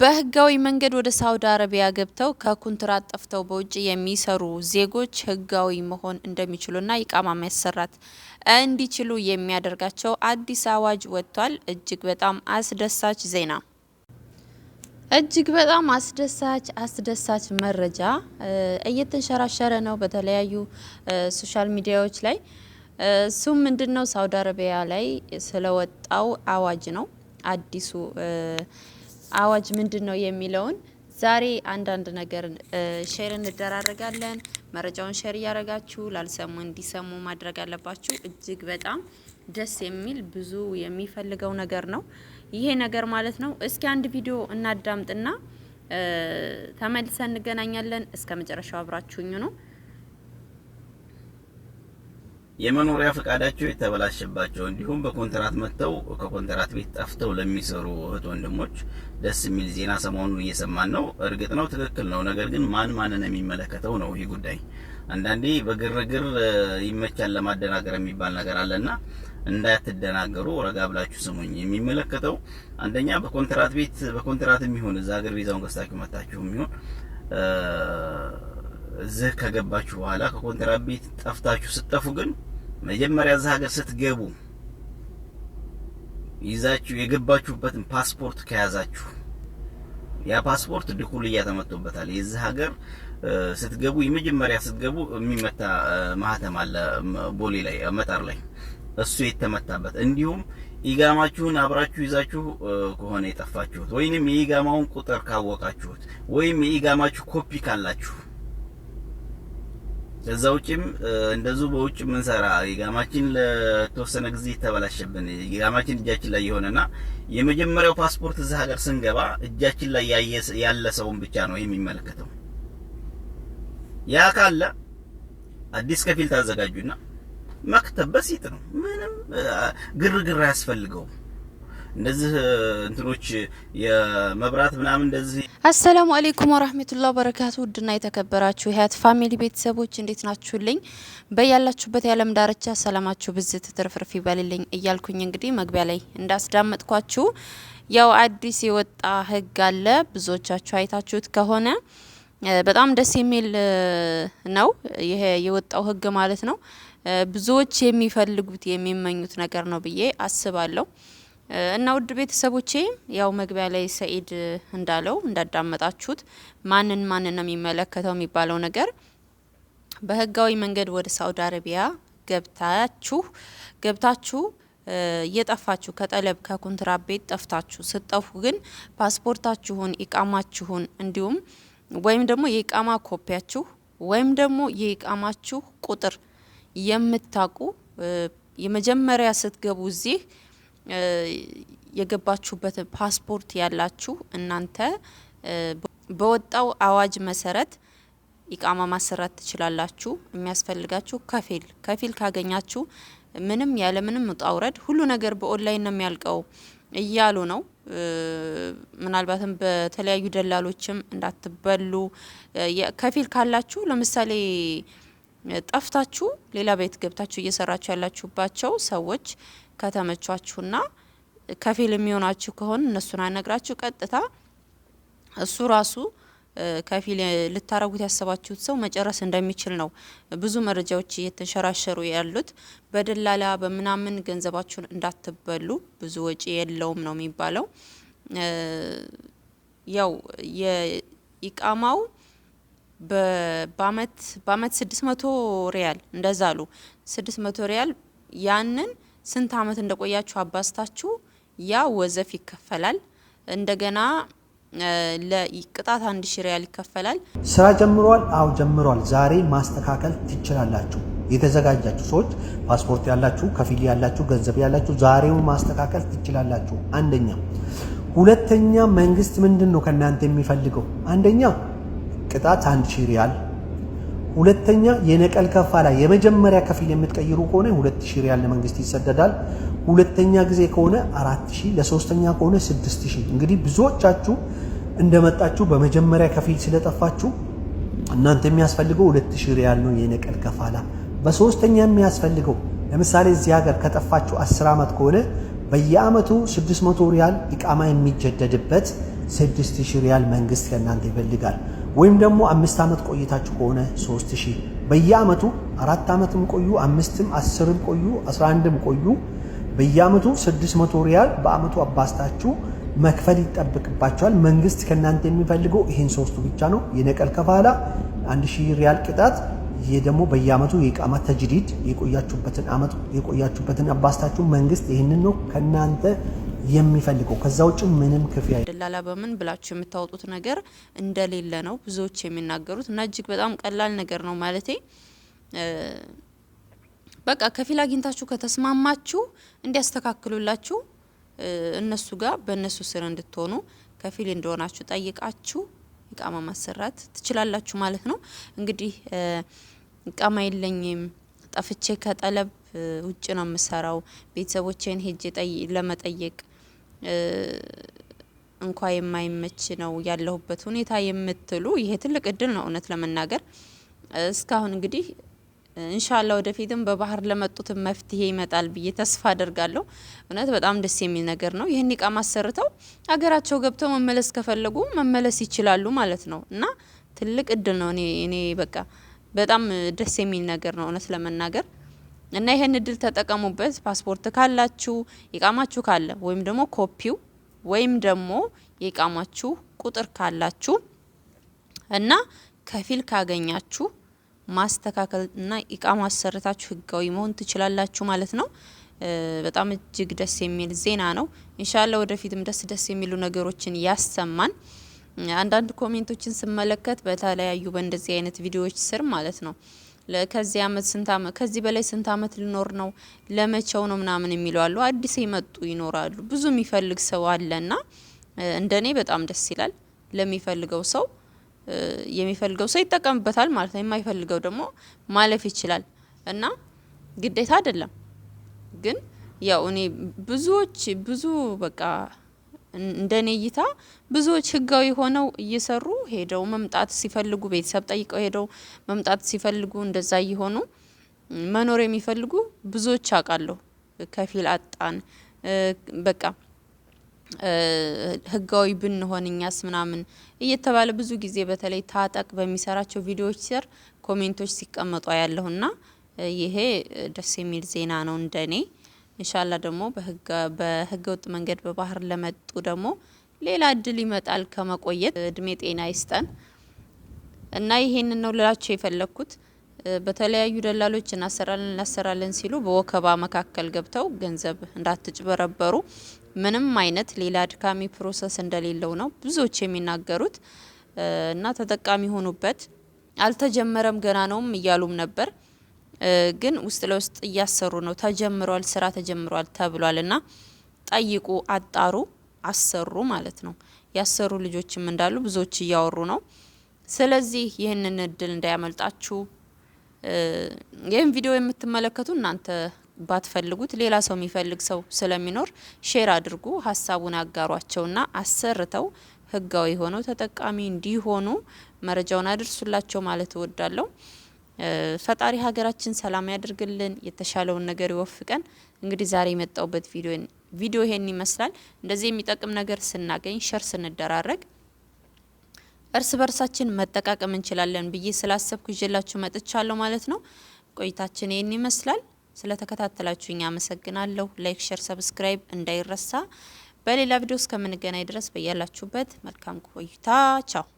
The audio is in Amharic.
በህጋዊ መንገድ ወደ ሳውዲ አረቢያ ገብተው ከኩንትራት ጠፍተው በውጭ የሚሰሩ ዜጎች ህጋዊ መሆን እንደሚችሉና ይቃማ ማሰራት እንዲችሉ የሚያደርጋቸው አዲስ አዋጅ ወጥቷል። እጅግ በጣም አስደሳች ዜና፣ እጅግ በጣም አስደሳች አስደሳች መረጃ እየተንሸራሸረ ነው በተለያዩ ሶሻል ሚዲያዎች ላይ። እሱም ምንድን ነው? ሳውዲ አረቢያ ላይ ስለወጣው አዋጅ ነው አዲሱ አዋጅ ምንድን ነው የሚለውን ዛሬ አንዳንድ ነገር ሼር እንደራረጋለን። መረጃውን ሼር እያደረጋችሁ ላልሰሙ እንዲሰሙ ማድረግ አለባችሁ። እጅግ በጣም ደስ የሚል ብዙ የሚፈልገው ነገር ነው ይሄ ነገር ማለት ነው። እስኪ አንድ ቪዲዮ እናዳምጥና ተመልሰን እንገናኛለን። እስከ መጨረሻው አብራችሁኝ ነው። የመኖሪያ ፈቃዳቸው የተበላሸባቸው እንዲሁም በኮንትራት መጥተው ከኮንትራት ቤት ጠፍተው ለሚሰሩ እህት ወንድሞች ደስ የሚል ዜና ሰሞኑን እየሰማን ነው። እርግጥ ነው ትክክል ነው። ነገር ግን ማን ማንን የሚመለከተው ነው ይህ ጉዳይ? አንዳንዴ በግርግር ይመቻል ለማደናገር የሚባል ነገር አለና እንዳትደናገሩ ረጋ ብላችሁ ስሙኝ። የሚመለከተው አንደኛ በኮንትራት ቤት በኮንትራት የሚሆን እዛ ሀገር ቪዛውን ገዝታችሁ መታችሁ የሚሆን እዚህ ከገባችሁ በኋላ ከኮንትራት ቤት ጠፍታችሁ ስጠፉ ግን መጀመሪያ እዛ ሀገር ስትገቡ ይዛችሁ የገባችሁበትን ፓስፖርት ከያዛችሁ ያ ፓስፖርት ድኩልያ ተመቶበታል። የዚህ ሀገር ስትገቡ የመጀመሪያ ስትገቡ የሚመታ ማህተም አለ ቦሌ ላይ መጣር ላይ እሱ የተመታበት እንዲሁም ኢጋማችሁን አብራችሁ ይዛችሁ ከሆነ የጠፋችሁት ወይንም የኢጋማውን ቁጥር ካወቃችሁት ወይም የኢጋማችሁ ኮፒ ካላችሁ ከዛ ውጭም እንደዙ በውጭ የምንሰራ የጋማችን ለተወሰነ ጊዜ ተበላሸብን። ጋማችን እጃችን ላይ የሆነና የመጀመሪያው ፓስፖርት እዚህ ሀገር ስንገባ እጃችን ላይ ያለ ሰውን ብቻ ነው የሚመለከተው። ያ ካለ አዲስ ከፊል ታዘጋጁና መክተብ በሲጥ ነው። ምንም ግርግር አያስፈልገውም። እነዚህ እንትኖች የመብራት ምናምን እንደዚህ። አሰላሙ አሌይኩም ወራህመቱላህ በረካቱ። ውድና የተከበራችሁ ህያት ፋሚሊ ቤተሰቦች እንዴት ናችሁልኝ? በያላችሁበት የዓለም ዳርቻ ሰላማችሁ ብዝት ትርፍርፍ ይበልልኝ እያልኩኝ እንግዲህ መግቢያ ላይ እንዳስዳመጥኳችሁ ያው አዲስ የወጣ ህግ አለ። ብዙዎቻችሁ አይታችሁት ከሆነ በጣም ደስ የሚል ነው ይሄ የወጣው ህግ ማለት ነው። ብዙዎች የሚፈልጉት የሚመኙት ነገር ነው ብዬ አስባለሁ። እና ውድ ቤተሰቦቼ ያው መግቢያ ላይ ሰኢድ እንዳለው እንዳዳመጣችሁት ማንን ማንን ነው የሚመለከተው የሚባለው ነገር በህጋዊ መንገድ ወደ ሳውዲ አረቢያ ገብታችሁ ገብታችሁ እየጠፋችሁ ከጠለብ ከኮንትራት ቤት ጠፍታችሁ ስጠፉ ግን ፓስፖርታችሁን ኢቃማችሁን እንዲሁም ወይም ደግሞ የኢቃማ ኮፒያችሁ ወይም ደግሞ የኢቃማችሁ ቁጥር የምታቁ የመጀመሪያ ስትገቡ እዚህ የገባችሁበትን ፓስፖርት ያላችሁ እናንተ በወጣው አዋጅ መሰረት ኢቃማ ማሰራት ትችላላችሁ። የሚያስፈልጋችሁ ከፊል ከፊል ካገኛችሁ ምንም ያለ ምንም ውጣውረድ ሁሉ ነገር በኦንላይን ነው የሚያልቀው እያሉ ነው። ምናልባትም በተለያዩ ደላሎችም እንዳትበሉ ከፊል ካላችሁ ለምሳሌ ጠፍታችሁ ሌላ ቤት ገብታችሁ እየሰራችሁ ያላችሁባቸው ሰዎች ከተመቿችሁና ከፊል የሚሆናችሁ ከሆን እነሱን አይነግራችሁ ቀጥታ እሱ ራሱ ከፊል ልታረጉት ያሰባችሁት ሰው መጨረስ እንደሚችል ነው ብዙ መረጃዎች እየተንሸራሸሩ ያሉት። በደላላ በምናምን ገንዘባችሁን እንዳትበሉ፣ ብዙ ወጪ የለውም ነው የሚባለው። ያው የኢቃማው በአመት በአመት ስድስት መቶ ሪያል እንደዛ አሉ። ስድስት መቶ ሪያል ያንን ስንት አመት እንደቆያችሁ አባስታችሁ ያ ወዘፍ ይከፈላል። እንደገና ለቅጣት አንድ ሺ ሪያል ይከፈላል። ስራ ጀምሯል? አዎ ጀምሯል። ዛሬ ማስተካከል ትችላላችሁ። የተዘጋጃችሁ ሰዎች፣ ፓስፖርት ያላችሁ፣ ከፊል ያላችሁ፣ ገንዘብ ያላችሁ ዛሬው ማስተካከል ትችላላችሁ። አንደኛ። ሁለተኛ መንግስት ምንድን ነው ከእናንተ የሚፈልገው? አንደኛ ቅጣት አንድ ሺህ ሪያል፣ ሁለተኛ የነቀል ከፋላ የመጀመሪያ ከፊል የምትቀይሩ ከሆነ ሁለት ሺህ ሪያል ለመንግስት ይሰደዳል። ሁለተኛ ጊዜ ከሆነ አራት ሺህ ለሶስተኛ ከሆነ ስድስት ሺህ እንግዲህ ብዙዎቻችሁ እንደመጣችሁ በመጀመሪያ ከፊል ስለጠፋችሁ እናንተ የሚያስፈልገው ሁለት ሺህ ሪያል ነው የነቀል ከፋላ። በሶስተኛ የሚያስፈልገው ለምሳሌ እዚህ ሀገር ከጠፋችሁ 10 ዓመት ከሆነ በየአመቱ 600 ሪያል ኢቃማ የሚጀደድበት 6000 ሪያል መንግስት ከእናንተ ይፈልጋል። ወይም ደግሞ አምስት ዓመት ቆይታችሁ ከሆነ 3000 በየአመቱ አራት ዓመትም ቆዩ አምስትም አስርም ቆዩ 11ም ቆዩ በየአመቱ 600 ሪያል በአመቱ አባስታችሁ መክፈል ይጠበቅባቸዋል። መንግስት ከናንተ የሚፈልገው ይህን ሶስቱ ብቻ ነው። የነቀል ከፋላ 1000 ሪያል ቅጣት፣ ይህ ደግሞ በየአመቱ የኢቃማ ተጅዲድ የቆያችሁበትን አመት የቆያችሁበትን አባስታችሁ መንግስት ይህንን ነው ከእናንተ የሚፈልገው ከዛ ውጭ ምንም ክፍያ ደላላ በምን ብላችሁ የምታወጡት ነገር እንደሌለ ነው ብዙዎች የሚናገሩት እና እጅግ በጣም ቀላል ነገር ነው ማለት በቃ ከፊል አግኝታችሁ ከተስማማችሁ እንዲያስተካክሉላችሁ እነሱ ጋር በእነሱ ስር እንድትሆኑ ከፊል እንደሆናችሁ ጠይቃችሁ እቃማ ማሰራት ትችላላችሁ ማለት ነው። እንግዲህ እቃማ የለኝም ጠፍቼ ከጠለብ ውጭ ነው የምሰራው ቤተሰቦቼን ሄጄ ለመጠየቅ እንኳ የማይመች ነው ያለሁበት ሁኔታ የምትሉ ይሄ ትልቅ እድል ነው እውነት ለመናገር እስካሁን እንግዲህ እንሻላ ወደፊትም በባህር ለመጡት መፍትሄ ይመጣል ብዬ ተስፋ አደርጋለሁ። እውነት በጣም ደስ የሚል ነገር ነው። ይህን ቃ ማሰርተው ሀገራቸው ገብተው መመለስ ከፈለጉ መመለስ ይችላሉ ማለት ነው እና ትልቅ እድል ነው። እኔ በቃ በጣም ደስ የሚል ነገር ነው እውነት ለመናገር እና ይሄን እድል ተጠቀሙበት። ፓስፖርት ካላችሁ ይቃማችሁ ካለ ወይም ደግሞ ኮፒው ወይም ደግሞ የቃማችሁ ቁጥር ካላችሁ እና ከፊል ካገኛችሁ ማስተካከል እና ኢቃማ አሰርታችሁ ህጋዊ መሆን ትችላላችሁ ማለት ነው። በጣም እጅግ ደስ የሚል ዜና ነው። እንሻላ ወደፊትም ደስ ደስ የሚሉ ነገሮችን ያሰማን። አንዳንድ ኮሜንቶችን ስመለከት በተለያዩ በእንደዚህ አይነት ቪዲዮዎች ስር ማለት ነው ከዚህ አመት ስንት አመት ከዚህ በላይ ስንት አመት ልኖር ነው ለመቼው ነው ምናምን የሚሉ አሉ። አዲስ የመጡ ይኖራሉ። ብዙ የሚፈልግ ሰው አለና እንደኔ በጣም ደስ ይላል። ለሚፈልገው ሰው የሚፈልገው ሰው ይጠቀምበታል ማለት ነው። የማይፈልገው ደግሞ ማለፍ ይችላል እና ግዴታ አይደለም ግን ያው እኔ ብዙዎች ብዙ በቃ እንደኔ እይታ ብዙዎች ህጋዊ ሆነው እየሰሩ ሄደው መምጣት ሲፈልጉ ቤተሰብ ጠይቀው ሄደው መምጣት ሲፈልጉ እንደዛ እየሆኑ መኖር የሚፈልጉ ብዙዎች አውቃለሁ። ከፊል አጣን፣ በቃ ህጋዊ ብንሆን እኛስ ምናምን እየተባለ ብዙ ጊዜ በተለይ ታጠቅ በሚሰራቸው ቪዲዮዎች ስር ኮሜንቶች ሲቀመጡ ያለሁና ይሄ ደስ የሚል ዜና ነው እንደኔ ኢንሻላ ደግሞ በህገ ወጥ መንገድ በባህር ለመጡ ደግሞ ሌላ እድል ይመጣል ከመቆየት። እድሜ ጤና ይስጠን እና ይሄንን ነው ልላቸው የፈለግኩት። በተለያዩ ደላሎች እናሰራለን እናሰራለን ሲሉ በወከባ መካከል ገብተው ገንዘብ እንዳትጭበረበሩ ምንም አይነት ሌላ አድካሚ ፕሮሰስ እንደሌለው ነው ብዙዎች የሚናገሩት እና ተጠቃሚ ሆኑበት። አልተጀመረም ገና ነውም እያሉም ነበር። ግን ውስጥ ለውስጥ እያሰሩ ነው። ተጀምሯል፣ ስራ ተጀምሯል ተብሏል። እና ጠይቁ፣ አጣሩ፣ አሰሩ ማለት ነው። ያሰሩ ልጆችም እንዳሉ ብዙዎች እያወሩ ነው። ስለዚህ ይህንን እድል እንዳያመልጣችሁ። ይህን ቪዲዮ የምትመለከቱ እናንተ ባትፈልጉት ሌላ ሰው የሚፈልግ ሰው ስለሚኖር ሼር አድርጉ፣ ሀሳቡን አጋሯቸውና አሰርተው ህጋዊ ሆነው ተጠቃሚ እንዲሆኑ መረጃውን አድርሱላቸው ማለት እወዳለሁ። ፈጣሪ ሀገራችን ሰላም ያደርግልን፣ የተሻለውን ነገር ይወፍቀን። እንግዲህ ዛሬ የመጣውበት ቪዲዮ ይሄን ይመስላል። እንደዚህ የሚጠቅም ነገር ስናገኝ ሸር ስንደራረግ እርስ በርሳችን መጠቃቀም እንችላለን ብዬ ስላሰብኩ ይዤላችሁ መጥቻለሁ ማለት ነው። ቆይታችን ይህን ይመስላል። ስለተከታተላችሁኝ አመሰግናለሁ። ላይክ፣ ሸር፣ ሰብስክራይብ እንዳይረሳ። በሌላ ቪዲዮ እስከምንገናኝ ድረስ በያላችሁበት መልካም ቆይታ። ቻው